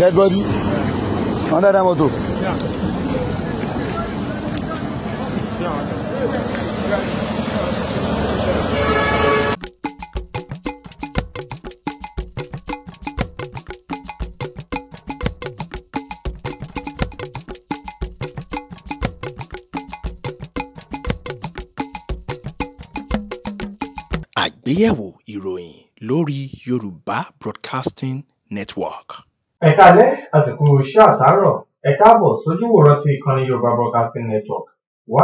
dead body under that motor. àgbéyẹ̀wò ìròyìn lórí Yorùbá Broadcasting Network. Ẹ káalẹ́ àsìkò iṣẹ́ àtàárọ̀ ẹ káàbọ̀ sójú ti ìkànnì Yorùbá Broadcasting Network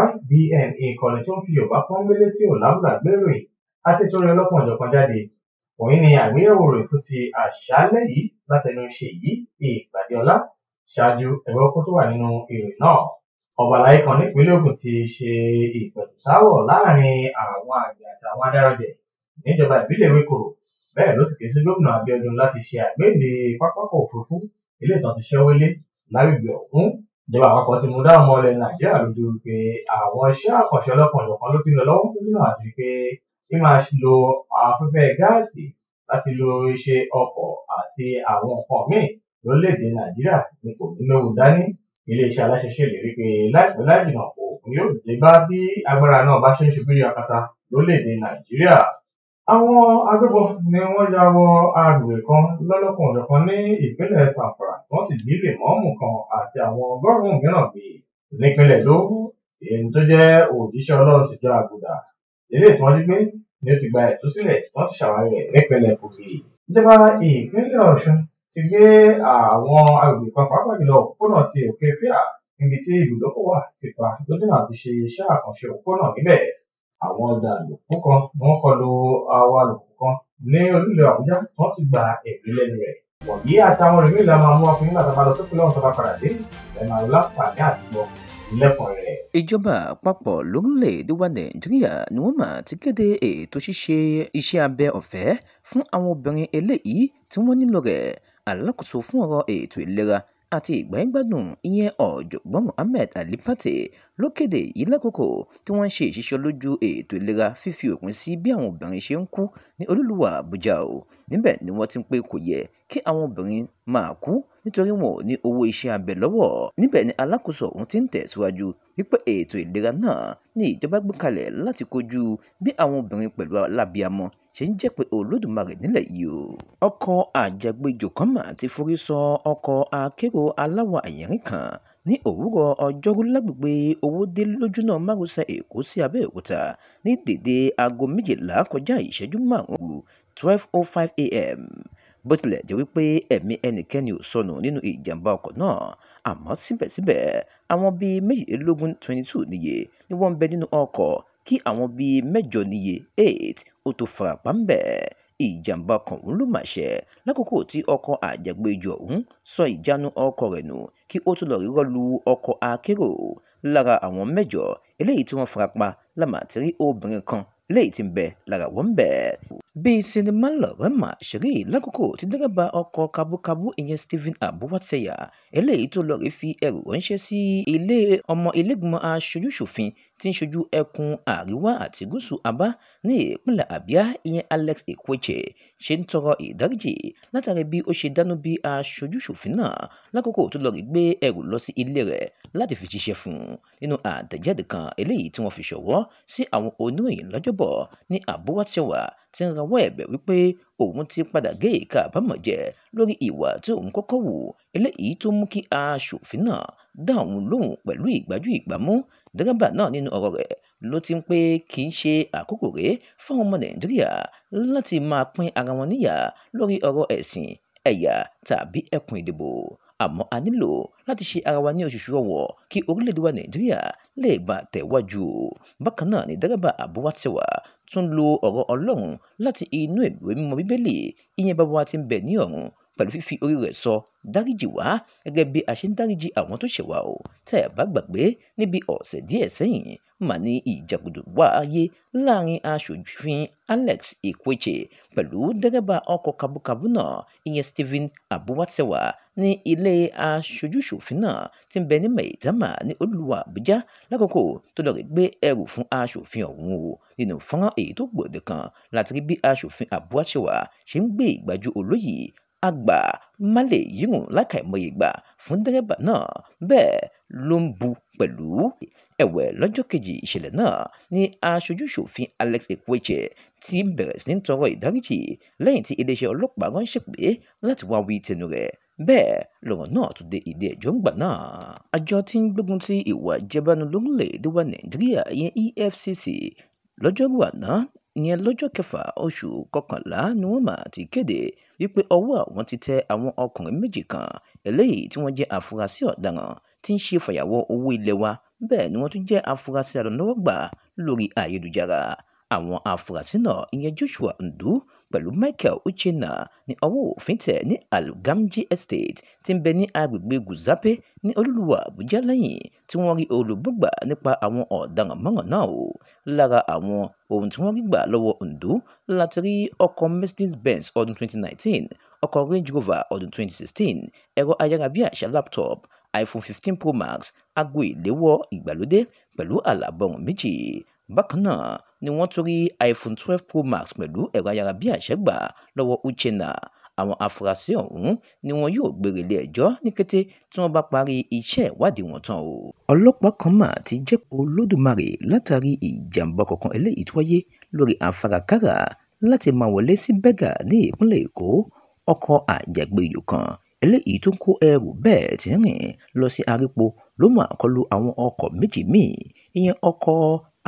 YBN ìkànnì tó ń fi Yorùbá pọ́nbélé tí ò lábùlà gbéròyìn àti torí ọlọ́kan ọ̀jọ̀kan jáde òun ni àgbéyẹ̀wò rẹ̀ fún ti àṣálẹ́ yìí látẹnu Ṣèyí Ìgbàdéọlá ṣáájú ẹ̀rọ ọkọ tó wà nínú ìròyìn náà ọba àlàyé kan nípínlẹ̀ Ògùn ti ṣe ìpẹ̀tùsáwọ̀ láàrin àwọn àgbẹ̀ àtàwọn adárọ̀jẹ̀ níjọba ìbílẹ̀ Ewékòró bẹ́ẹ̀ ló sì ké sí gómìnà Abíọ́dún láti ṣe àgbéde pápákọ̀ òfurufú eléyìí tán ti ṣẹ́wó lé lágbègbè ọ̀hún ìjọba àpapọ̀ ti mú dáhùn ọmọlẹ̀ Nàìjíríà lójú pé àwọn iṣẹ́ àkànṣe ọlọ́kanòkan ló ti lọ lọ́wọ́ fún gómìnà àti pé bí máa lo afẹ́fẹ́ gáàsì láti lo iṣẹ́ ọkọ̀ àti àwọn nǹkan míì lórílẹ̀‐èdè Nàìjíríà ni kò ní léwu dání iléeṣẹ́ aláṣẹ ṣèlérí pé láìpẹ́ láìjìnà òkun yóò dé bá bí agbára náà bá ṣe ń ṣubú yakata lórílẹ̀‐èdè Nàìjíríà àwọn agbébọn ni wọ́n ya wọ àgbègbè kan lọ́lọ́kùnjọ̀kan ní ìpínlẹ̀ Zamfara wọ́n sì jí lèmọ́ọ̀mù kan àti àwọn ọgọ́rùn-ún mìíràn gbé nípínlẹ̀ Lógùn èyí tó jẹ́ òjíṣẹ́ Ọlọ́run ti jọ àgùdà ilé ìtọ́jú gbé ni ó ti gba ìtúsílẹ̀ wọ́n sì ṣàwárí rẹ̀ nípínlẹ̀ Kogi ìjọba ìpínlẹ̀ Ọ̀ṣun ti gbé àwọn agbègbè kan pàápàá jùlọ òpópónà ti òkè fíà níbi tí ibùdókọ̀ wà ti pa lójú náà ti ṣe iṣẹ́ àkànṣe òpópónà níbẹ̀ àwọn ọ̀dà àlòkù kan wọ́n kọlu àwọn àlòkù kan ní orílẹ̀ Àbújá wọ́n sì gba ẹ̀mí lẹ́nu rẹ̀ wọ̀nyí àtàwọn rẹ̀ mìíràn máa mú wa fún yín bàtà bá lọ sókè lọ́wọ́ tó bá padà dé ẹ̀ máa láǹfààní àti gbọ́ ìjọba àpapọ̀ lórílẹ̀‐èdè wa nàìjíríà ni wọ́n máa ti kéde ètò ṣíṣe iṣẹ́ abẹ ọ̀fẹ́ fún àwọn obìnrin eléyìí tí wọ́n nílò rẹ̀ alákòóso fún ọ̀rọ̀ ètò ìlera àti ìgbàgbádùn ìyẹn ọ̀jọ̀gbọ́n Muhammed Ali Pate ló kéde tí wọ́n ń ṣe ìṣiṣọ́ lójú ètò ìlera fífi òpin sí bí àwọn obìnrin ṣe ń kú ní olúluwà àbújá o níbẹ̀ ni wọ́n ti ń pé kò yẹ kí àwọn obìnrin máa kú nítorí wọn ò ní owó iṣẹ́ abẹ lọ́wọ́ níbẹ̀ ni alákòóso ọ̀hún ti ń tẹ̀síwájú wípé ètò ìlera náà ni ìjọba gbé kalẹ̀ láti kojú bí àwọn obìnrin pẹ̀lú alábíamọ ṣe ń jẹ́ pé olódùmarè nílẹ̀ yìí o. ọkọ̀ àjàgbéjò kan mà ti forí sọ ọkọ̀ akérò aláwọ̀ àyẹ̀rín kan ní òwúrọ̀ ọjọ́rú lágbègbè owódé lójúnà márosẹ̀ èkó sí abẹ́òkúta ní dédé aago méjìlá kọjá ìṣẹ́jú márùn-ún twelve oh five a.m. bó tilẹ̀ jẹ́ wípé ẹ̀mí ẹnikẹ́ni ò sọnù nínú ìjàmbá ọkọ̀ náà àmọ́ síbẹ̀síbẹ̀ àwọn bíi méjìlélógún twenty two níye ni wọ́n ń bẹ nínú ọkọ̀ kí àwọn bíi mẹ́jọ níye eight ó tó farapa ń bẹ̀ ìjàmbá kan òun ló mà ṣe lákòókò tí ọkọ̀ àjàgbéjọ òun sọ ìjánu ọkọ̀ rẹ̀ nù kí ó tún lọ rírọ́ lu ọkọ̀ akérò lára àwọn mẹ́jọ eléyìí tí wọ́n farapa lámàtírí obìnrin kan eléyìí tí ń bẹ lára wọn bẹ́ẹ̀ bíi sinimá lọ̀rọ̀ mà ṣeré lákòókò tí dẹ́rẹ́bà ọkọ̀ kabúkabú ìyẹn Stephen Abuwatseya eléyìí tó lọ́ọ́ rí fi ẹrù ránṣẹ́ sí ilé ọmọ ilégbìmọ̀ aṣojúṣòfin tí ń ṣojú ẹkùn àríwá àti gúúsù abá ní ìpínlẹ̀ Abia ìyẹn Alex Ekweche ṣe ń tọrọ ìdáríjì látàrí bí ó ṣe dánú bí aṣojúṣòfin náà lákòókò tó lọ́ọ́ rí gbé ẹrù lọ sí ilé rẹ̀ láti fi jíṣẹ́ fún un nínú àtẹ̀jáde kan eléyìí tí wọ́n fi ṣọwọ́ sí àwọn oníròyìn lọ́jọ́bọ̀ ní Abuwatseya ti ń rawọ́ ẹ̀bẹ̀ wípé òun ti padà gé ìka àbámọ̀ jẹ lórí ìwà tí òun kọ́kọ́ wù eléyìí tó mú kí aṣòfin náà dá òun lóhùn pẹ̀lú ìgbájú ìgbámú dẹ́rẹ́bà náà nínú ọ̀rọ̀ rẹ̀ ló ti ń pé kì í ṣe àkókò rèé fáwọn ọmọ nàìjíríà láti máa pín ara wọn níyà lórí ọ̀rọ̀ ẹ̀sìn ẹ̀yà tàbí ẹkùn ìdìbò àmọ́ a nílò láti ṣe ara wa ní oṣooṣù ọwọ́ kí orílẹ̀-èdè wa nàìjíríà lè bá tẹ̀wájú bákan náà ni dẹ́rẹ́bà àbúwátẹ́wà tún lo ọ̀rọ̀ ọlọ́run láti inú ìwé mímọ́ bíbélì ìyẹn bàbá wa ti ń bẹ ní ọ̀run pẹ̀lú fífi orí rẹ̀ sọ dáríjì wá gẹ́gẹ́ bí a ṣe ń dáríjì àwọn tó ṣẹ̀ o tẹ́ ẹ̀ bá gbàgbé níbi ọ̀sẹ̀ díẹ̀ sẹ́yìn mà ní ìjàgùdù wáyé láàrin aṣòfin Alex Ikwechè pẹ̀lú dẹ́rẹ́bà ọkọ̀ kabúkabú náà ìyẹn Stephen Abuwatsewa ní ilé aṣojúṣòfin náà ti ń bẹ ní Maitama ní olúwa Àbújá lákòókò tó lọ rè gbé ẹrù fún aṣòfin ọ̀hún o nínú fọ́nrán èyí tó gbòde kan láti rí bí aṣòfin Abuwatsewa ṣe ń gbé ìgbájú olóyè àgbà má lè yírùn lákàìmọye ìgbà fún dẹ́rẹ́bà náà bẹ́ẹ̀ ló ń bu pẹ̀lú ẹ̀wẹ̀ lọ́jọ́ kejì ìṣẹ̀lẹ̀ náà ni aṣojúṣòfin Alex Ekweche ti bẹ̀rẹ̀ sí ní tọrọ ìdáríjì lẹ́yìn tí iléeṣẹ́ ọlọ́pàá ránṣẹ́ pé láti wá wí tẹnu rẹ̀ bẹ́ẹ̀ lọ́rọ̀ náà tún dé ilé ẹjọ́ ńgbà náà. àjọ tí ń gbógun ti ìwà ìjẹbánu lórílẹ̀‐èdè wa nàìjíríà ìyẹn EFCC lọ́jọ́rú àná ìyẹn lọ́jọ́ kẹfà oṣù kọkànlá ni wọ́n máa ti kéde wípé ọwọ́ àwọn ti tẹ àwọn ọkùnrin méjì kan eléyìí tí wọ́n jẹ́ àfúrásì ọ̀daràn tí ń ṣe fàyàwọ́ owó ilé wa bẹ́ẹ̀ ni wọ́n tún jẹ́ afurasí àdánlọ́wọ́gbà lórí ayélujára àwọn afurasí náà ìyẹn Joshua Ndu pẹ̀lú Michael Uchenna ní ọwọ́ òfin tẹ̀ ní Algamji Estate tí ń bẹ ní agbègbè Guzape ní olúluwà Àbújá lẹ́yìn tí wọ́n rí olùbúgbà nípa àwọn ọ̀daràn mọ́ràn náà o lára àwọn ohun tí wọ́n rí gbà lọ́wọ́ Ndu láti rí ọkọ̀ Mercedes-Benz ọdún 2019 ọkọ̀ Range Rover ọdún 2016 ẹ̀rọ ayárabíàṣá laptop iPhone 15 Pro Max aago ìléwọ́ ìgbàlódé pẹ̀lú àlàbọ̀rùn méjì bákan náà ni wọ́n tún rí iPhone 12 Pro Max pẹ̀lú ẹ̀rọ ayárabíàṣá gbà lọ́wọ́ Uchenna àwọn afurasí ọ̀hún ni wọn yóò gbére ilé ẹjọ́ ní kété tí wọ́n bá parí iṣẹ́ ìwádìí wọn tán o. ọlọ́pàá kan mà ti jẹ́ olódùmarè látàrí ìjàmbá kọ̀ọ̀kan eléyìí tó wáyé lórí afárakára láti máa wọlé sí bẹ́gà ní ìpínlẹ̀ èkó ọkọ̀ àjàgbéyò kan eléyìí tó ń kó ẹrù bẹ́ẹ̀ ti rìn lọ sí arípo ló mà kọlu àwọn ọkọ̀ méjì míì ìyẹn ọkọ̀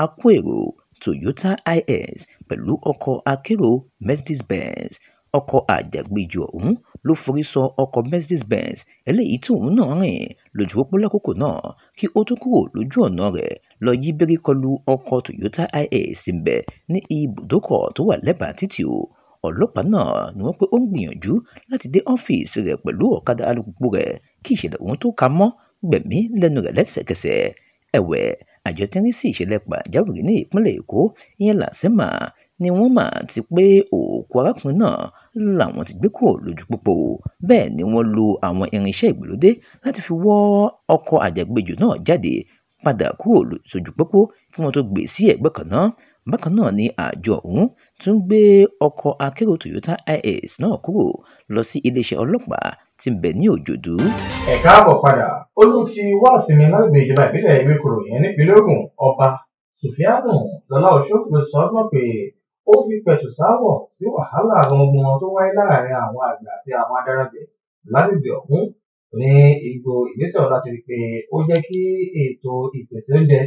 akóèrò Toyota IS pẹ̀lú ọkọ̀ akérò Mercedes-Benz ọkọ̀ àjàgbéjọ ọ̀hún ló forí sọ ọkọ̀ Mercedes-Benz eléyìí tí òun náà rìn lójú pópó lákòókò náà kí ó tó kúrò lójú ọ̀nà rẹ̀ lọ yí bẹ́rí kọlu ọkọ̀ Toyota IS ń bẹ ní ibùdókọ̀ tó wà lẹ́bàá títì o ọlọ́pàá náà ni wọ́n pé ó ń gbìyànjú láti dé ọ́fíìsì rẹ̀ pẹ̀lú ọ̀kadà alùpùpù rẹ̀ kí ìṣẹ̀lẹ̀ òun tó ka mọ́ gbẹ̀mí lẹ́nu rẹ̀ lẹ́sẹ̀kẹsẹ̀ ẹ̀wẹ̀ àjọ tí ń rí sí ìṣẹ̀lẹ̀ pàjáwìrì ní ìpínlẹ̀ èkó ìyẹn làásìmà ni wọ́n mà ti pé òkú arákùnrin náà làwọn ti gbé kúrò lójú pópó bẹ́ẹ̀ ni wọ́n lo àwọn irinṣẹ́ ìgbèlódé láti fi wọ́ ọkọ̀ àjàgbéjò náà jáde padà kúrò sójú pópó kí wọ́n tó gbé e sí ẹ̀gbẹ́ kan náà bákan náà ni àjọ ọ̀hún tún gbé ọkọ̀ akérò Toyota IS náà kúrò lọ sí iléeṣẹ́ ọlọ́pàá tí ń ní Òjòdú. ẹ káàbọ̀ padà olú ti wá sinmi lágbègbè ìjọba ìbílẹ̀ Ewékòró yẹn nípínlẹ̀ Ògùn ọba Sùfíànù lọ́lá Òṣófù ló pé ó fi pẹ̀tù sáwọ̀ sí wàhálà àwọn ọmọ tó wáyé láàárín àwọn àgbà àti àwọn adarabẹ̀ lágbègbè ọ̀hún ní ipò ìgbésẹ̀ ọ̀la ti rí pé ó jẹ́ kí ètò ìpèsè oúnjẹ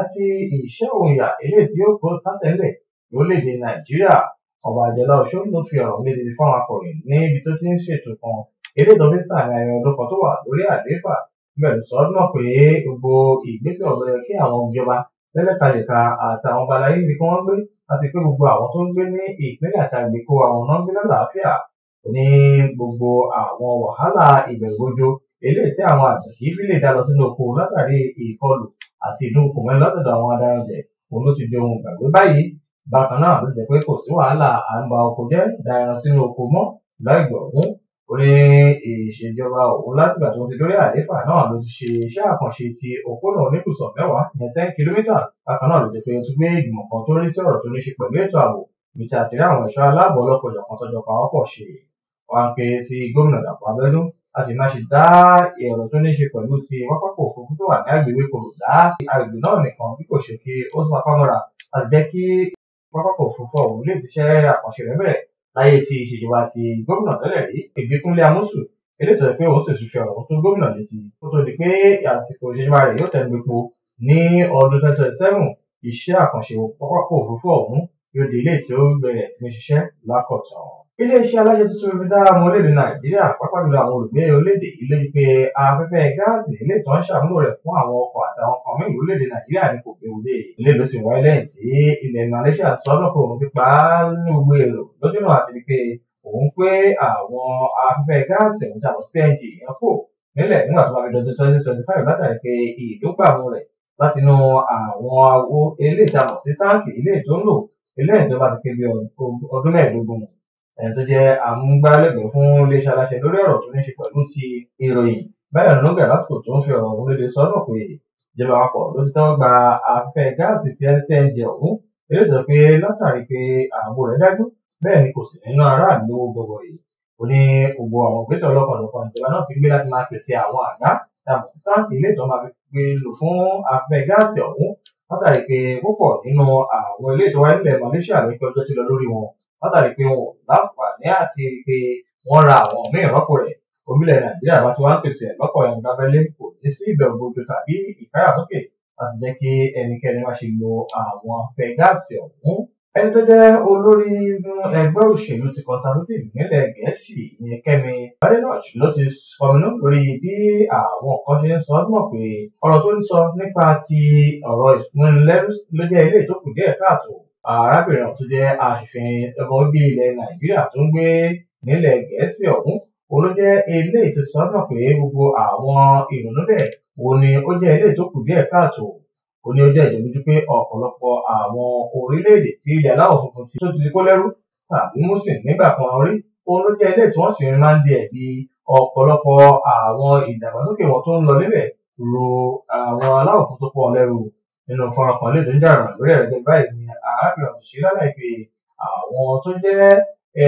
àti ìṣẹ́ òǹyà eléyìí tí ó kó kásẹ̀ lẹ̀ lórílẹ̀‐èdè nàìjíríà ọba àjọlá ọ̀ṣun ló fi ọ̀rọ̀ méjèèjì fáwọn akọ̀ròyìn níbi tó ti ń ṣètò kan eléyìí tó sàmì ayẹyẹ ọdún kan tó wà lórí àlééfà bẹ̀rẹ̀ sọ náà pé gbogbo ìgbésẹ̀ ọ̀bẹ kí àwọn ìjọba lẹ́lẹ́kajẹ̀ka àtàwọn balayé ni kí wọ́n gbé àti pé gbogbo àwọn tó ń gbé ní ìpínlẹ̀ àti àwọn náà gbé lálàáfíà ní gbogbo àwọn wàhálà ìbẹ̀rùbojo eléyìí tí àwọn àgbẹ̀ kì í fi lè dá lọ sínú oko látàrí ìkọlù àti ìdúnkùnmọ́ni látọ̀dọ̀ àwọn adaranjẹ̀ òun ló ti di ohun gbàgbé báyìí bákan náà ló ti jẹ́ pé kò sí wàhálà à ń ba oko jẹ́ da ẹran sínú oko mọ́ láì gbọ̀ngún ó ní ìṣèjọba òun látìgbà tó ti dórí àlééfà náà ló ti ṣe iṣẹ́ àkànṣe ti òpónà oníbùsọ̀ mẹ́wàá ìyẹn ten kìlómítà bákan náà ló jẹ́ pé ó gbé ìgbìmọ̀ kan tó rí sí ọ̀rọ̀ tó ní ṣe pẹ̀lú ètò ààbò ibi àwọn ẹ̀ṣọ́ aláàbò ọlọ́pàá ìjọ̀kan tọ́jọ́ pawọ́pọ̀ ṣe wákẹ́ sí gómìnà Dàpọ̀ Abẹ́dún a sì máa ṣe dá ọ̀rọ̀ tó ní ṣe pẹ̀lú ti pápákọ̀ òfurufú tó wà ní agbègbè kò dá agbègbè náà nìkan bí kò ṣe kí ó tún apá mọ́ra àti jẹ́ kí pápákọ̀ òfurufú ọ̀hún lè ti ṣe àkànṣe rẹ̀ bẹ̀rẹ̀ láyé tí ìṣèjọba ti gómìnà tẹ́lẹ̀ rí Ìbíkúnlé Amósùn eléyìí tó yẹ pé òun sì ṣiṣẹ́ ọ̀hún tó gómìnà létí kó tó di pé àsìkò ìṣèjọba rẹ̀ yóò tẹnu epo ní ọdún twenty twenty seven iṣẹ́ àkànṣe pápákọ̀ òfurufú ọ̀hún yóò di ilé tí ó bẹ̀rẹ̀ sí ní ṣiṣẹ́ lákọ̀tàn. iléeṣẹ́ alájẹ tuntun fi dá ọmọ orílẹ̀ nàìjíríà pàápàá jùlọ àwọn olùgbé orílẹ̀-èdè pé afẹ́fẹ́ gáàsì ilé tó ń ṣàmúlò rẹ̀ fún àwọn ọkọ̀ àtàwọn kan mẹ́rin orílẹ̀-èdè nàìjíríà ní kò gbé wọlé. ilé ló sì wáyé lẹ́yìn tí ilẹ̀ malaysia sọ́dọ̀ kò fi pa á lùwé rò lójú náà àti pé òun pé àwọn afẹ́fẹ́ gáàsì ń jà yẹn kò nílẹ̀ nígbà tó bá fi dọdún twenty twenty five látàrí pé ìdógbàmù rẹ̀ láti inú àwọn awo ilé ìtàmọ̀ sí táǹkì ilé tó ń lò ilé ìjọba ti ké bí ọdún mẹ́ẹ̀ẹ́dógún ẹni eh, tó jẹ́ amúgbálẹ́gbẹ̀ẹ́ fún iléeṣẹ́ aláṣẹ lórí ọ̀rọ̀ tó ní ṣe pẹ̀lú ti ìròyìn báyọ̀ lóńgà lásìkò tó ń fi ọ̀rọ̀ ọ̀hún lédè sọ́nà pé ìjọba àpapọ̀ ló ti tán gba afẹ́ gáàsì tí ncnd ọ̀hún eré sọ pé látàrí pé ààbò rẹ̀ dájú bẹ́ẹ̀ ni kò sí nínú aráàlú gbogbo yìí ó ní gbogbo àwọn ìgbésẹ̀ ọlọ́kanòkan ìjọba náà ti gbé láti máa pèsè àwọn àdá tàbí sítáǹtì ilé ìtọ́ máa fi gbé lò fún afẹ́ gáàsì ọ̀hún látàrí pé púpọ̀ nínú àwọn ilé ìtọ́wá nílẹ̀ Malaysia ló ń pẹ́ ọjọ́ ti lọ lórí wọn látàrí pé wọn ò láǹfààní àti pé wọ́n ra àwọn míì rọ́pò rẹ̀ orílẹ̀ Nàìjíríà bá ti wá ń pèsè lọ́pọ̀ ẹ̀ǹgá abẹ́lé kò ní sí ìbẹ̀rù gbogbo tàbí ìkáyàsókè láti jẹ́ kí ẹnikẹ́ni má ṣe lo àwọn afẹ́ gáàsì ọ̀hún ẹni tó jẹ́ olórí ẹgbẹ́ òṣèlú ti conservative nílẹ̀ gẹ̀ẹ́sì ni kẹ́mi badenoch ló ti fọminú lórí bí àwọn kan ṣe ń sọ ọ́ mọ̀ pé ọ̀rọ̀ tó ń sọ nípa ti ọ̀rọ̀ ìpínlẹ̀rú ló jẹ́ ilé ìtókù díẹ̀ káàtó arábìnrin ọ̀tún jẹ́ aṣòfin ọmọ bíi ilẹ̀ nàìjíríà tó ń gbé nílẹ̀ gẹ̀ẹ́sì ọ̀hún òun ló jẹ́ ilé ìtòsọ́nà pé gbogbo àwọn ìrònú ó ní ó jẹ́ pé ọ̀pọ̀lọpọ̀ àwọn orílẹ̀-èdè tí ilẹ̀ aláwọ̀ funfun ti tó ti di kó lẹ́rú tàbí músìn nígbà kan rí òun ló jẹ́ ilé tí wọ́n sì ń máa ń di ẹ̀bi ọ̀pọ̀lọpọ̀ àwọn ìdàgbàsókè wọn tó ń lọ níbẹ̀ ro àwọn aláwọ̀ funfun tó pọ̀ lẹ́rú nínú fọ́nrán kan lè dúdú àrùn lórí ẹ̀rọ ìjọba ìní arábìnrin ọ̀sùnṣe lálẹ́ àwọn tó jẹ́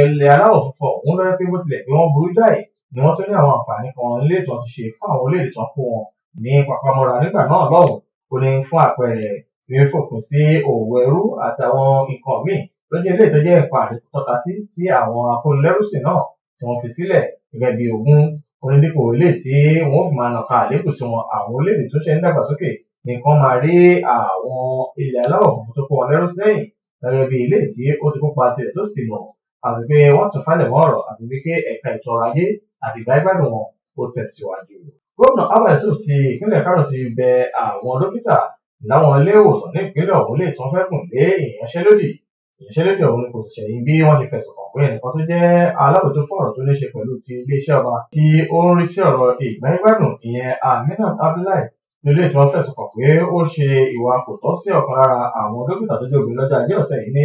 ẹlẹ́ aláwọ̀ funfun ọ̀hún lọ́rẹ́ pé bó tilẹ̀ pé wọ́n burú jáì ni wọ́n tó ní àwọn àǹfààní kan nílé ìtàn ti ṣe fún àwọn orílẹ̀-èdè wọn ní papamọ́ra nígbà náà lọ́hùn ó ní fún àpẹẹrẹ fífi fòpin sí òwò ẹrú àtàwọn nǹkan míì ló jẹ́ ilé ìtọ́jú ẹ̀ka àdínkù tọ́ka sí tí àwọn akónilẹ́rùsìn náà tí wọ́n fi sílẹ̀ gẹ́gẹ́ bí ogún onídípò ilé tí wọ́n fi máa nàka àlékún sí wọn àwọn orílẹ̀-èdè tó ṣe ń dàgbàsókè nìkan máa rí àwọn ilẹ̀ aláwọ̀ funfun tó kó wọn lẹ́rú sẹ́yìn gẹ́gẹ́ bí ilé tí ó ti kópa tirẹ̀ tó sì nà àti pé wọ́n tún falẹ̀ mọ́ ọ̀rọ̀ àti pé ẹ̀ka ètò ọrọ̀ ajé àti ìgbà ìgbàdùn wọn ó tẹ̀síwájú gómìnà abba yusuf ti ìpínlẹ̀ kano ti bẹ àwọn dókítà láwọn ilé ìwòsàn ní ìpínlẹ̀ ọ̀hún lè tún fẹ́kùn lé ìyanṣẹ́lódì ìyanṣẹ́lódì ọ̀hún kò sì ṣẹ̀yìn bí wọ́n ti fẹ̀sùn kàn pé ẹnìkan tó jẹ́ alábòójútó fún ọ̀rọ̀ tó ní ṣe pẹ̀lú ti iléeṣẹ́ ọba tí ó ń rí sí ọ̀rọ̀ ìgbẹ́ngbẹ́dùn ìyẹn aminat abdullahi nílé tí wọ́n fẹ̀sùn kàn pé ó ṣe ìwà kò tọ́ sí ọ̀kan lára àwọn dókítà tó jẹ́ obìnrin lọ́jọ́ ajé ọ̀sẹ̀ yìí ní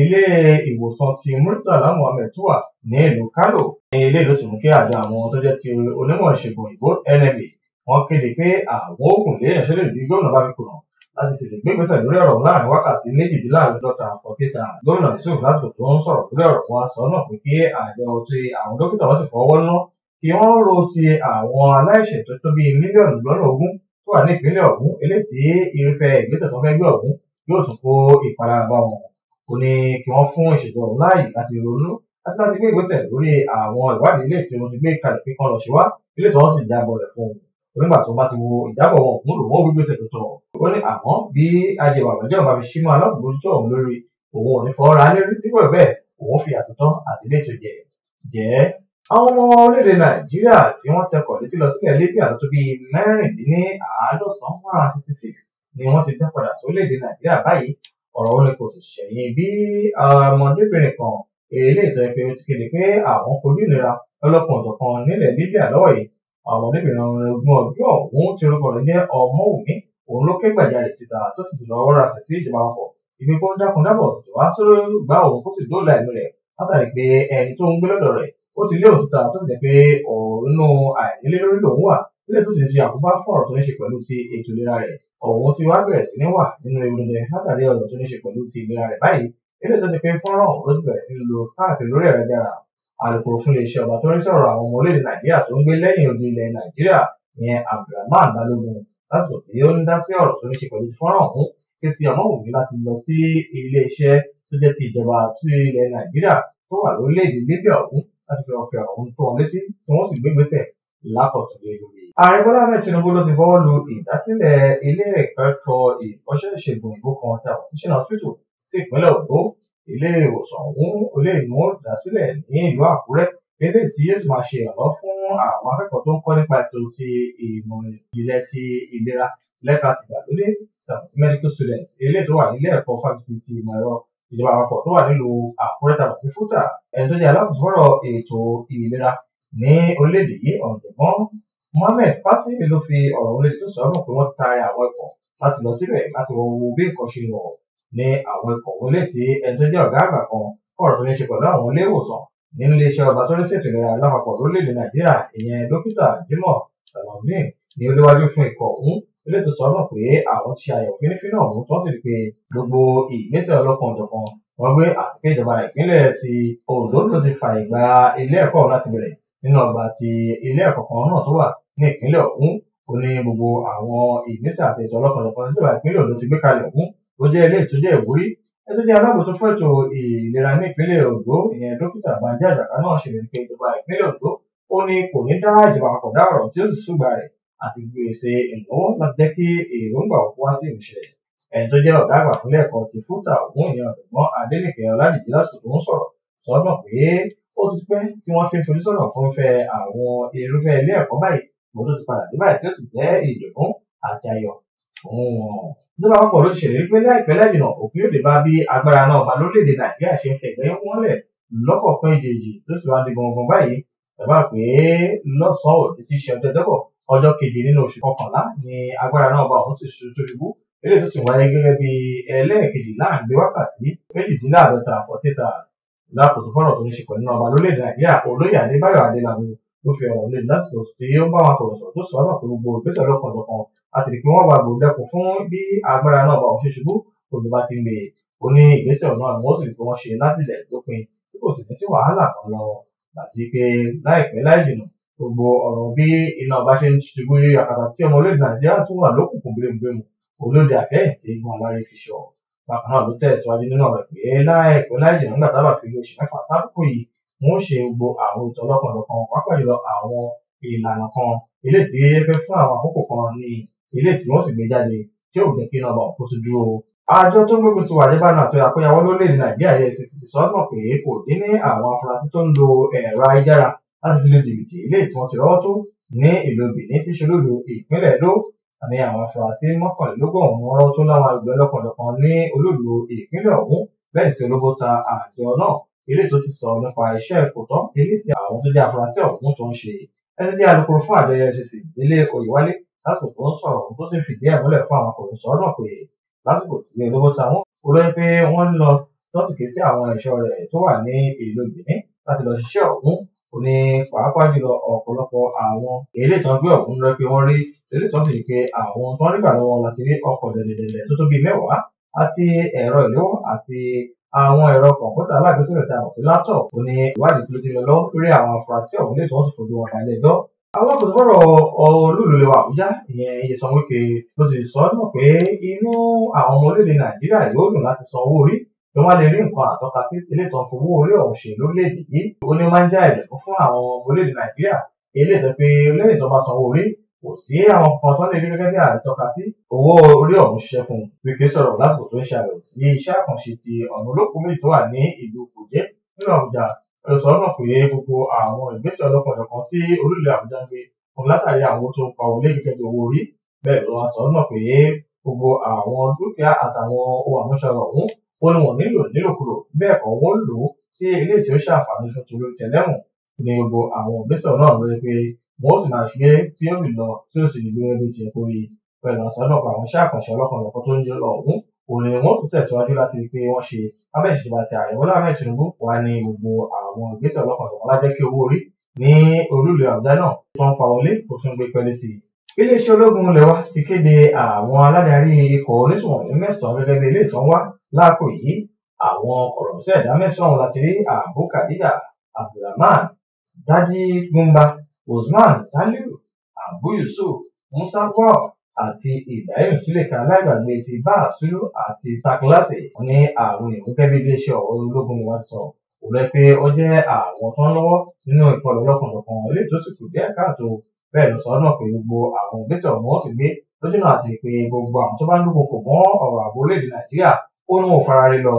ilé ìwòsàn ti murtala muhammed tó wà ní ìlú kano ní ilé ìlú sì mú kí àjọ àwọn tó jẹ́ ti onímọ̀ ìṣègùn òyìnbó nma wọ́n kéde pé àwọn oògùn lè yàn ṣẹlẹ̀ bí gómìnà bá fi kùnà láti tètè gbé ìgbésẹ̀ lórí ọ̀rọ̀ láàrin wákàtí méjìdínláàádọ́ta àkọ́kẹ́ta gómìnà yusuf lásìkò tó ń sọ̀rọ̀ lórí ọ̀rọ̀ wọn sọ náà pé kí àjọ ti àwọn dókítà wọn sì fọwọ́ ná kí wọ́n ro ti àwọn aláìṣẹ̀ tó tó bíi mílíọ̀nù lọ́nà ogún tó wà ní ìpínlẹ̀ ọ̀hún eléyìí irúfẹ́ ìgbésẹ̀ tó fẹ́ gbé ọ̀hún yóò tún kó ìpalára bá wọn ó ní kí wọ́n fún ìṣèjọba ọ̀hún láàyè láti ronú àti láti gbé ìgbésẹ̀ lórí àwọn ìwádìí ilé tí wọ́n ti gbé kalẹ̀ pé kán lọ ṣe wá ilé tí wọ́n sì jábọ̀ rẹ̀ fún un nígbà tó bá ti wo ìjábọ̀ wọn òun lòun ó gbégbèsè tó tọ̀ ó ní àmọ́ bí ajẹwà àgbẹ̀jọba bá fi ṣí máa lọ́gbọ̀dútọ̀ lórí òun ò ní fọwọ́ ra lérí nígbà bẹ́ẹ̀ òun fi àtúntọ́ àti ilé ètò jẹ jẹ́ àwọn ọmọ orílẹ̀ nàìjíríà tí wọ́n tẹkọ̀ létí lọ sílẹ̀ libya tó bí mẹ́rìndínláàádọ́sán one hundred sixty six ni wọ́n ti dá padà sórílẹ̀-èdè nàìjíríà báyìí ọ̀rọ̀ orin kò sì ṣẹ̀yìn bí ọmọdébìnrin kan ilé ìtọ́ ife ti kéde pé àwọn fojú ìlera lọ́lọ́kan ọ̀dọ̀kan nílẹ̀ Libya lọ́wọ́ yìí àwọn ọmọdébìnrin ọgbọ̀n ọdún ọ̀hún tí orúkọ rẹ̀ jẹ́ Ọmọ́wùmí òun ló ké gbàjarè síta tó sì ti lọ́wọ́ ra sí ìjọba ọkọ̀ ibi kó ń dákun dábọ̀ tó wá sórí gbá òun kó sì dóòlà ẹ̀mí rẹ̀ látàrí pé ẹni tó ń gbé lọ́dọ̀ rẹ̀ ó ti lé òsìta tó sì jẹ́ pé òun nú àìnílélórí lòun wà ilé tó sì ń ṣe àkóbá fún ọ̀rọ̀ tó ní ṣe pẹ̀lú ti ètò ìlera rẹ̀ ọ̀hún ti wá bẹ̀rẹ̀ sí ní wà nínú ewu látàrí ọ̀rọ̀ tó ní ṣe pẹ̀lú ti ìlera rẹ̀ báyìí ilé tó ti pín fọ́nrán ló ti bẹ̀rẹ̀ sí lílo káàkiri lórí ẹ̀rọ dára alukoro fún iléeṣẹ́ ọba tó ń sọ̀rọ̀ àwọn ọmọ orílẹ̀ nàìjíríà tó ń gbé lẹ́yìn odi ilẹ̀ nàìjíríà ìyẹn abdulrahman balógun lásìkò tí ó ń dá sí ọ̀rọ̀ tó ní ṣe pẹ̀lú fọ́nrán ọ̀hún ké sí ọmọwùmí láti lọ sí iléeṣẹ́ tó jẹ́ ti ìjọba tí ilẹ̀ nàìjíríà tó wà lórílẹ̀-èdè libya ọ̀hún láti fi ọ̀fẹ́ ọ̀hún tó wọn létí tí wọ́n sì gbégbèsè lákọ̀tún lórí ààrẹ bọ́lá ahmed tinubu ló ti bọ́ọ̀lù ìdásílẹ̀ ilé ìkẹ́kọ̀ọ́ ìkọ́ṣẹ́ ìṣègùn ìbò kan ti àwọn teaching hospital sí ìpínlẹ̀ ondo ilé ìwòsàn ọ̀hún olóògùn ó dásílẹ̀ ní ìlú àkúrẹ́ eléyìí tí yóò sì máa ṣe ìrànlọ́ fún àwọn akẹ́kọ̀ọ́ tó ń kọ́ nípa ètò ti ìmọ̀ ìjìnlẹ̀ ti ìlera lẹ́ka tìgbàlódé tàbí medical students eléyìí tó wà nílé ẹ̀kọ́ fáfitì ti ìmọ̀ ẹ̀rọ ìjọba àpapọ̀ tó wà nílùú àkúrẹ́ tàbí fúta ẹni tó jẹ́ alákòóso ọ̀rọ̀ ètò ìlera ní orílẹ̀-èdè yìí ọ̀jọ̀gbọ́n mohammed fasili ló fi ọ̀rọ̀ orin tó sọ̀rọ̀ pé wọ́n taari àwọn ikọ̀ láti lọ síbẹ̀ láti wo wo bí nǹkan ṣe lọ ní àwọn ikọ̀ wọlé tí ẹni tó jẹ́ ọ̀gá àgbà kan kọ̀rọ̀ tó ní ṣe pẹ̀lú àwọn ilé ìwòsàn nínú iléeṣẹ́ ọba tó ní ṣètò ìlera lápapọ̀ lórílẹ̀-èdè nàìjíríà ìyẹn dókítà jimoh salomon ní olúwájú fún ikọ̀ ọ̀hún ilé tó sọ̀rọ̀ pé àwọn ti ṣe àyẹ̀wò fínífíní ọ̀hún tó sì rí pé gbogbo ìgbésẹ̀ ọlọ́kan ọ̀jọ̀kan wọ́n gbé àtìkè ìjọba ìpínlẹ̀ ti Ondo ló ti fààyè gba ilé ẹ̀kọ́ láti bẹ̀rẹ̀ nínú ọgbà ti ilé ẹ̀kọ́ kan náà tó wà ní ìpínlẹ̀ ọ̀hún ó ní gbogbo àwọn ìgbésẹ̀ àti ètò ọlọ́kanlọ́kan níjọba ìpínlẹ̀ Ondo ti gbé kalẹ̀ ọ̀hún ó jẹ́ ilé ìtújẹ́ ìwúrí ẹni tó jẹ́ alábòójútó fún ètò ìlera ní ìpínlẹ̀ Ondo ìyẹn dókítà Bánjí Àjàká náà ṣèlérí pé ìjọba ìpínlẹ̀ Ondo ó ní kò ní dá ìjọba àkọ́dá ọ̀rọ̀ tí ó sì ṣùgbà rẹ̀ àti gbèsè ìnáwó láti jẹ́ kí èròǹgbà òkú wá sí ìmúṣẹ ẹni tó jẹ́ ọ̀gá àgbà fúnlẹ̀ kan ti fúta ògún ìyẹn ọ̀dọ̀gbọ́n adélèké ọládìjí tó ń sọ̀rọ̀ sọ́gbọ̀n pé ó ti pẹ́ tí wọ́n fi ń fojú sọ̀rọ̀ fún fẹ́ àwọn irúfẹ́ ilé ẹ̀kọ́ báyìí mo tó ti padà dé báyìí tí ó sì jẹ́ ìdùnnú àti ayọ̀ fún wọn. ìjọba àpapọ̀ ló ti ṣèlérí pé láìpẹ́ lẹ́jìnà òpin yóò dé bá bí agbára náà bá lórílẹ̀ eléyìí tó sì wáyé gẹ́gẹ́ bí ẹlẹ́ẹ̀kejì láàrin wákàtí méjìdínláàdọ́ta àkọ́tẹ́ta lákòótó fọ́nà tó ní ṣe pẹ̀lú ọba lólè nàìjíríà olóyè adébáyọ̀ adélábù ló fi ọ̀rọ̀ lé lásìkò tí ó bá wọn kọ̀rọ̀ sọ̀rọ̀ tó sọ ọ́nà pé gbogbo ìgbésẹ̀ lọ́kànlọ́kàn àti pé wọ́n wà gbòdẹ́kun fún bí agbára náà bá wọn ṣe ṣubú olùbá ti lè ó ní ìgbésẹ̀ ọ̀nà àwọn ó sì fi wọ́n ṣe láti ilẹ̀ lópin tí kò sì ní sí wàhálà kan lọ àti pé láìpẹ́ láì jìnnà gbogbo ọ̀rọ̀ bí iná ọba ṣe ń ṣubú yíyọ àkàtà tí ọmọ orílẹ̀ nàìjíríà tún wà lókùnkùn gbèrègbèrè olóde àfẹ́yìntì gun àwọn arìnrìnṣọ bákan náà ló tẹ̀síwájú nínú ọ̀rọ̀ pé láìpẹ́ láìjìnà nígbà tábà fi oṣù mẹ́fà sáàkó yìí wọ́n ṣe gbogbo àwọn ètò ọlọ́kanlọ́kan pàápàá jùlọ àwọn ìlànà kan ilé tí fẹ́ fún àwọn àkókò kan ní ilé tí wọ́n sì gbé jáde tí ò jẹ́ kí iná ọba òkú tún dúró. àjọ tó ń gbógun ti wàjẹ́ bánà àti àkóyawọ́ lórílẹ̀-èdè nàìjíríà efcc ti sọ́nà pé kò dín ní àwọn afurasí tó ń lo ẹ̀rọ ayélujára láti fi lu jìbìtì ilé tí wọ́n ti rọ́wọ́ tó ní ìlú benin tí ṣolúlu ìpínlẹ̀ edo ní àwọn afurasí mọ́kànlélọ́gọ́rùn-ún rọ́ láwọn àgbẹ̀ lọ́kànlọ́kàn ní olúìlú ìpínlẹ̀ ọ̀hún bẹ́ẹ̀ tí olówó ta àjọ náà ilé tó ti sọ nípa iṣẹ́ ìkòtọ́ ilé tí àwọn tó jẹ́ afurasí ọ̀hún tó ń ṣe ẹni jẹ́ alukoro fún àjọ efcc ilé oyèwálé lásìkò tó ń sọ̀rọ̀ tó sì fìdí ẹ̀ múlẹ̀ fún àwọn kòtò sọ́ọ́ náà pé lásìkò tí olówó ta wọn olóyè pé wọ́n lọ tọ́sìkì sí àwọn ẹ̀ṣọ́ rẹ̀ tó wà ní ìlú benin láti lọ ṣiṣẹ́ ọ̀hún kò ní pàápàá jùlọ ọ̀pọ̀lọpọ̀ àwọn èlé tán ọ̀hún lọ pé wọ́n rí èlé tán sì pé àwọn tán nígbà lọ́wọ́ láti rí ọkọ̀ dẹ̀dẹ̀dẹ̀ tó tó bíi mẹ́wàá àti ẹ̀rọ ìléwọ́ àti àwọn ẹ̀rọ kọ̀ǹpútà alágbèsílẹ̀ tí a mọ̀ sí látọ̀ kò ní ìwádìí tó ti lọ àwọn kò gbọ́dọ̀ olúlulẹ̀ wa Àbújá ìyẹn iye ló ti sọ ọ́ náà pé inú àwọn ọmọ orílẹ̀ Nàìjíríà yóò dùn láti san owó orí ló má lè rí nǹkan àtọ́ka sí ilé tó ń fowó orí ọ̀hún ṣe lórílẹ̀‐èdè yìí ó ní máa ń já ìlẹ̀kùn fún àwọn olóòdì nàìjíríà ilé ìtọ́ pé lẹ́yìn tó bá sanwó orí kò sí àwọn kan tó lè rí gẹ́gẹ́ bí àtọ́ka sí owó orí ọ̀hún ṣiṣẹ́ fún un wíkẹ́ sọ̀rọ̀ lásìkò tó ń ṣàyẹ̀wò sí iṣẹ́ àkànṣe ti ọ̀nà olókùnrin tó wà ní ìlú kòjé nínú àbújá ó sọ náà pé gbogbo àwọn ìgbésẹ̀ ọlọ́kùnrin kan tí orílẹ̀ àbújá ń gbé òun látàrí àwọn tó ń pa òun lé gẹ́gẹ́ bí owó orí bẹ́ẹ̀ ló wá sọ náà pé gbogbo àwọn dúkìá àtàwọn ohun àmúṣọrọ̀ ọ̀hún ó ní wọn nílò nílòkulò bẹ́ẹ̀ kọ́ wọ́n lò ó sí eléyìí tí ó ṣàǹfààní fún torí tẹ̀lẹ́wọ̀n ní gbogbo àwọn ìgbésẹ̀ náà lórí pé wọ́n ó sì máa gbé fíìmù lọ tí ó sì lè gbé ẹbí tiẹ̀ kórè pẹ̀lú àsọdọ̀ pa àwọn iṣẹ́ àkànṣe ọlọ́kanlọ́kan tó ń jẹ́ lọ ọ̀hún òní wọ́n tún tẹ̀síwájú láti rí pé wọ́n ṣe abẹ́ ìṣèjọba ti ààrẹ Bọ́lá Ahmed Tinubu wà ní gbogbo àwọn ìgbésẹ̀ ọlọ́kanlọ́kan lájẹ́ kí owó orí ní orílẹ̀ ọ̀dá náà tó ń pa wọlé kó tún gbé pẹ́lí sí i iléeṣẹ́ ológun ilẹ̀ wa ti kéde àwọn aládarí ikọ̀ onísùnwọ̀n mẹ́sàn-án gẹ́gẹ́ bí ilé ìtàn wá láàkó yìí àwọn ọ̀rọ̀mọṣẹ́ ẹ̀dá mẹ́sàn-án láti rí abukadija abdulrahman dadi gumba usman saliu abu yusuf musa paul àti ibrahim suleka alágbàgbé ti bá àsúlù àti takulase ní àwọn èèyàn gẹ́gẹ́ bí iléeṣẹ́ ológun ni wọ́n sọ kò rẹ pé ó jẹ́ àwọn tó ń lọ́wọ́ nínú ìkọlù lọ́kànlọ́kàn eléyìí tó sì kù díẹ̀ káàtó bẹ́ẹ̀ ló sọ náà pé gbogbo àwọn ìgbésẹ̀ ọ̀hún ó sì gbé lójúnà àti pé gbogbo àwọn tó bá ń dúnkokò mọ́ ọ̀rọ̀ ààbò orílẹ̀-èdè nàìjíríà ó ní òun fara rí lọ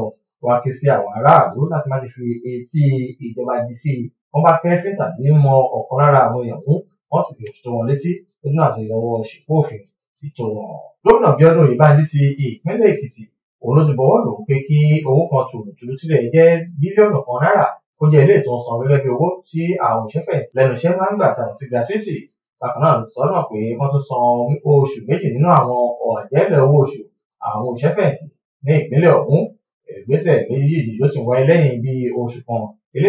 wá ké sí àwọn aráàlú láti má ti fi etí ìjọba di sí i wọ́n bá fẹ́ fẹ́ tàbí mọ ọ̀kan lára àwọn èèyàn mú wọ́n sì lè tó wọn létí lójúnà àti ìlọ́wọ́ ṣèkó òfin ìtò wọn. gómìnà bíọ́dún yìí ti ìpínlẹ̀ èkìtì òun ló ti bọ̀wọ́ lòun pé kí owó kan tùrùtùrù sílẹ̀ jẹ́ bílíọ̀nù kan náírà ó jẹ́ ilé ìtàn san gẹ́gẹ́ bí owó tí àwọn òṣèfẹ̀ lẹ́nu iṣẹ́ máa ń gbà tàbí sí gratuity bákan náà ló sọ náà pé wọ́n tún san oṣù méjì nínú àwọn ọ̀jẹ̀lẹ̀ owó oṣù àwọn òṣèfẹ̀yìntì ní ìpínlẹ̀ ọ̀hún ìgbésẹ̀ méjì yìí ló sì wáyé lẹ́yìn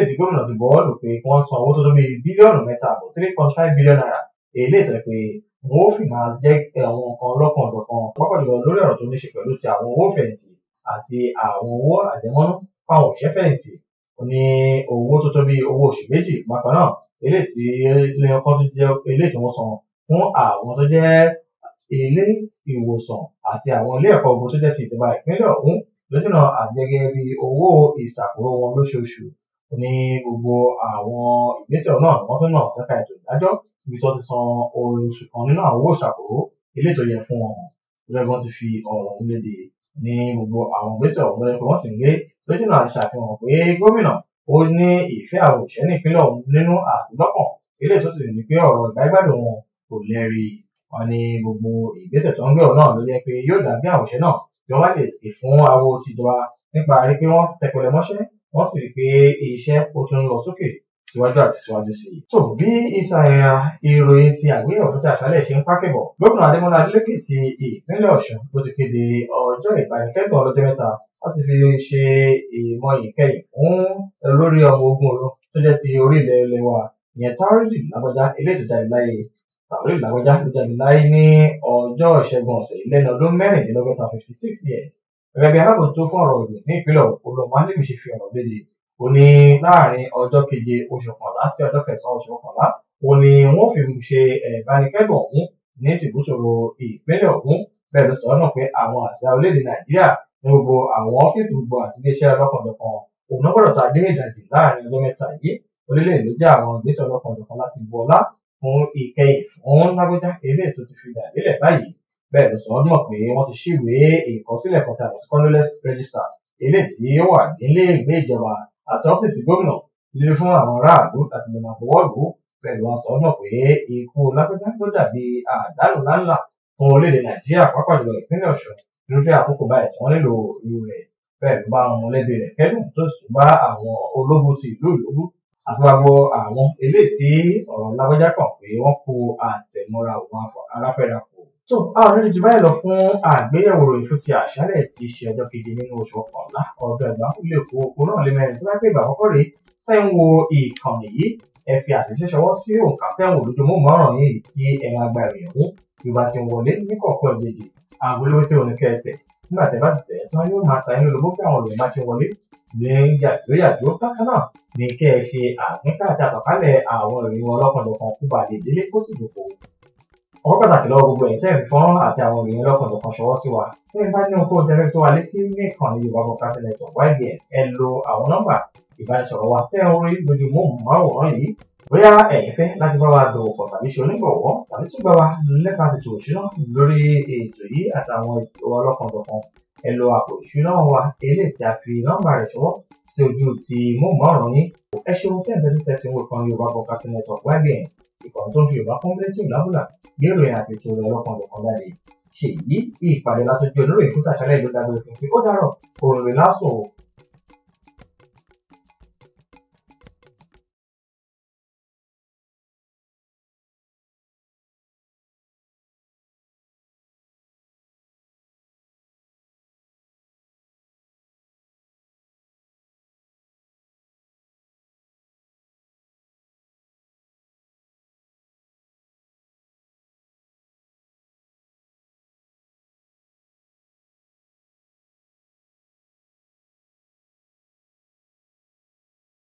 ti bọ̀wọ́ lù pé wọ́n san owó tó tó bíi bílíọ̀nù mẹ́ta àbọ̀ three point five billion naira wọn ó fi máa jẹ́ àwọn nǹkan lọ́kàn lọ́kàn pàápàá jùlọ lórí ọ̀rọ̀ tó ní ṣe pẹ̀lú ti àwọn owó fẹ̀yìntì àti àwọn owó àjẹmọ́nú fáwọn òṣìṣẹ́ fẹ̀yìntì ní owó tó tó bí owó oṣù méjì bákan náà eléyìí tí lóyún kan tó jẹ́ eléyìí tí wọ́n san fún àwọn tó jẹ́ ilé ìwòsàn àti àwọn ilé ẹ̀kọ́ ogun tó jẹ́ ti ìjọba ìpínlẹ̀ ọ̀hún lójúnà àjẹgẹ́ bí owó ìṣàkóró wọn lóṣooṣù ní gbogbo àwọn ìgbésẹ̀ náà wọ́n náà ṣẹ́ka ètò ìdájọ́ ibi tó ti san oṣù kan nínú àwọn owó ìṣàkóró ilé tó yẹ fún wọn lọ́jọ́ wọn ti fi ọ̀rọ̀ ọ̀hún ní gbogbo àwọn ìgbésẹ̀ ọ̀hún lọ́jọ́ pé sì ń gbé lójú náà ṣàfihàn pé gómìnà ó ní ìfẹ́ àwọn òṣìṣẹ́ ní ọ̀hún nínú àtìlọ́kàn ilé tó sì ní pé ọ̀rọ̀ ìgbàgbádùn wọn kò lẹ́rìí wọn ní gbogbo ìgbésẹ̀ tó ń gbé ọ̀hún náà ló jẹ́ pé yóò dàbí àwọn náà bí lè fún awo tìjọba nípa rí pé wọ́n tẹpẹlẹ mọ́ṣẹ́ wọ́n sì rí pé iṣẹ́ ó tún ń lọ sókè síwájú àti síwájú sí i. tó bí ìsàyà ìròyìn ti àgbéyẹ̀wò fún ti àṣálẹ̀ ṣe ń pákẹ́bọ̀ gómìnà adémọlá adélékè ti ìpínlẹ̀ ọ̀ṣun ló ti kéde ọjọ́ ìbánikẹ́dùn ọlọ́jọ́ mẹ́ta láti fi ṣe ìmọ̀yì kẹ́yìn fún olórí ọmọ ogun ọ̀run tó jẹ́ ti orílẹ̀ ilẹ̀ wa ìyẹn táwọ́rìsì làbọjá eléètò jáde láyé táwọ́rìsì làbọjá tó jáde láyé ní ọjọ́ ìṣẹ́gun ọ̀sẹ̀ lẹ́nu ọdún mẹ́rìndínlọ́gọ́ta fifty six years gẹ́gẹ́ bí alákòóso fún ọ̀rọ̀ ní ìpínlẹ̀ olùmọ̀ alẹ́mi ṣe fi ọ̀rọ̀ léde ó ní láàrin ọjọ́ keje oṣù kọ̀ọ̀lá sí ọjọ́ kẹsàn-án oṣù kọ̀ọ̀lá ó ní wọ́n fi ṣe ìbánikẹ́dùn ọ̀hún ní tìbútòrò ìpínlẹ̀ ọ̀hún bẹ́ẹ̀ ló sọ náà pé àwọn àṣà orílẹ̀-èdè nàìjíríà ní gbogbo àwọn ọ́fíìsì gbogbo àti iléeṣẹ́ ọlọ́kanjọ̀kan òun náà gbọ́dọ̀ ta láàrin ọjọ́ mẹ́ta yìí orílẹ̀-èdè jẹ́ àwọn ìgbésẹ̀ ọlọ́kanjọ̀kan láti bu ọlá fún ìkẹyìn fún lágbájá eré tó ti fi dà lélẹ̀ báyìí bẹ́ẹ̀ ló sọ ọ́ mọ̀ pé wọ́n ti ṣíwèé ìkọsílẹ̀ kan tàbí colourless register eléyìí tí ó wà nílé ìwé ìjọba àti ọ́fíìsì gómìnà lílo fún àwọn aráàlú àti lè máa fọwọ́ lù ú pẹ̀lú aṣọ ọ̀nà pé ikú lápẹ́tà tó dàbí àdánù ńláńlá fún orílẹ̀-èdè nàìjíríà pàápàá jùlọ ìpínlẹ̀ ọ̀ṣun irúfẹ́ àkókò báyìí tí wọ́n nílò irú rẹ̀ pẹ̀lú bá àwọn mọ̀lẹ́bí rẹ̀ kẹ́dùn tó sì bá àwọn ológun ti ìlú ìlú àfọwọ́ àwọn eléyìí tí ọ̀rọ̀ lágbájá kàn pé wọ́n kó àtẹ̀mọ́ra òun aláfẹ́ra kù. tó a ò nílò jù báyìí lọ fún àgbéyẹ̀wò ròyìn fún ti àṣálẹ̀ tí ṣe ọjọ́ keje nínú oṣù ọ̀kànlá ọ̀dọ̀ ẹ̀gbá lè kó oko náà lé mẹ́rin tó bá gbé ìgbà àkọ́kọ́ rèé tẹ́ ń wo ìkànnì yìí ẹ fi àtẹ̀jíṣẹ́ ṣọwọ́ sí òǹkà tẹ́ ń wò lójoojúmọ́ mọ́ràn yìí kí ẹ bí wàá ṣe wọlé níkọ̀ọ̀kan òjèjì àgbo lórí tí oníkẹ́ tẹ̀ nígbà tẹ́ bá ti tẹ̀ tán yóò máa ta inú lóbó bí àwọn olùyẹn bá ṣe wọlé ní yàjóyàjó bákan náà ní kẹ́ ẹ ṣe àpínká àti àtàkálẹ̀ àwọn ìròyìn ọlọ́kanlọ́kan kó bá lè délé kó sì dòkó. ọkọ pàtàkì lọ́wọ́ gbogbo ẹ̀yin tẹ́ẹ̀ fọ́nrán àti àwọn ìròyìn ọlọ́kanlọ́kan ṣọwọ́ sí wa tẹ́ẹ̀ bá ní ohun tẹ́lẹ̀ tó wa lé sí nìkànnì Yorùbá Broadcasting Network ẹ lo àwọn nọ́mbà ìbánisọ̀rọ̀ wa tẹ́ẹ̀ orí lójú mọ́ bóyá ẹ̀yin fẹ́ láti bá wa dòwò pọ̀ tàbí ṣe onígbọ̀wọ́ tàbí tún gbà wá lẹ́ka ètò ìṣúná lórí ètò yìí àtàwọn ètò ọlọ́kanjọ̀kan ẹ lo àpò ìṣúná wa eléyìí tí a fi nọ́mbà rẹ̀ ṣọwọ́ sí ojú ti móhùnmáwòrán yín ẹ ṣeun fún ẹ̀fẹ́ sísẹ́ sí ìwòkan Yorùbá Broadcasting Network YBN ìkànnì tó ń fi Yorùbá kọ́ńpẹ́lẹ́tì lábùlà gbèrò ẹ̀ àti ètò rẹ̀ ọlọ́kanjọ̀kan láre ṣèyí ìpàdé látọjú olórí ìfúnṣàṣálẹ̀ ìlú dágbére fún pé ó dárọ̀ òrùlé lásòwò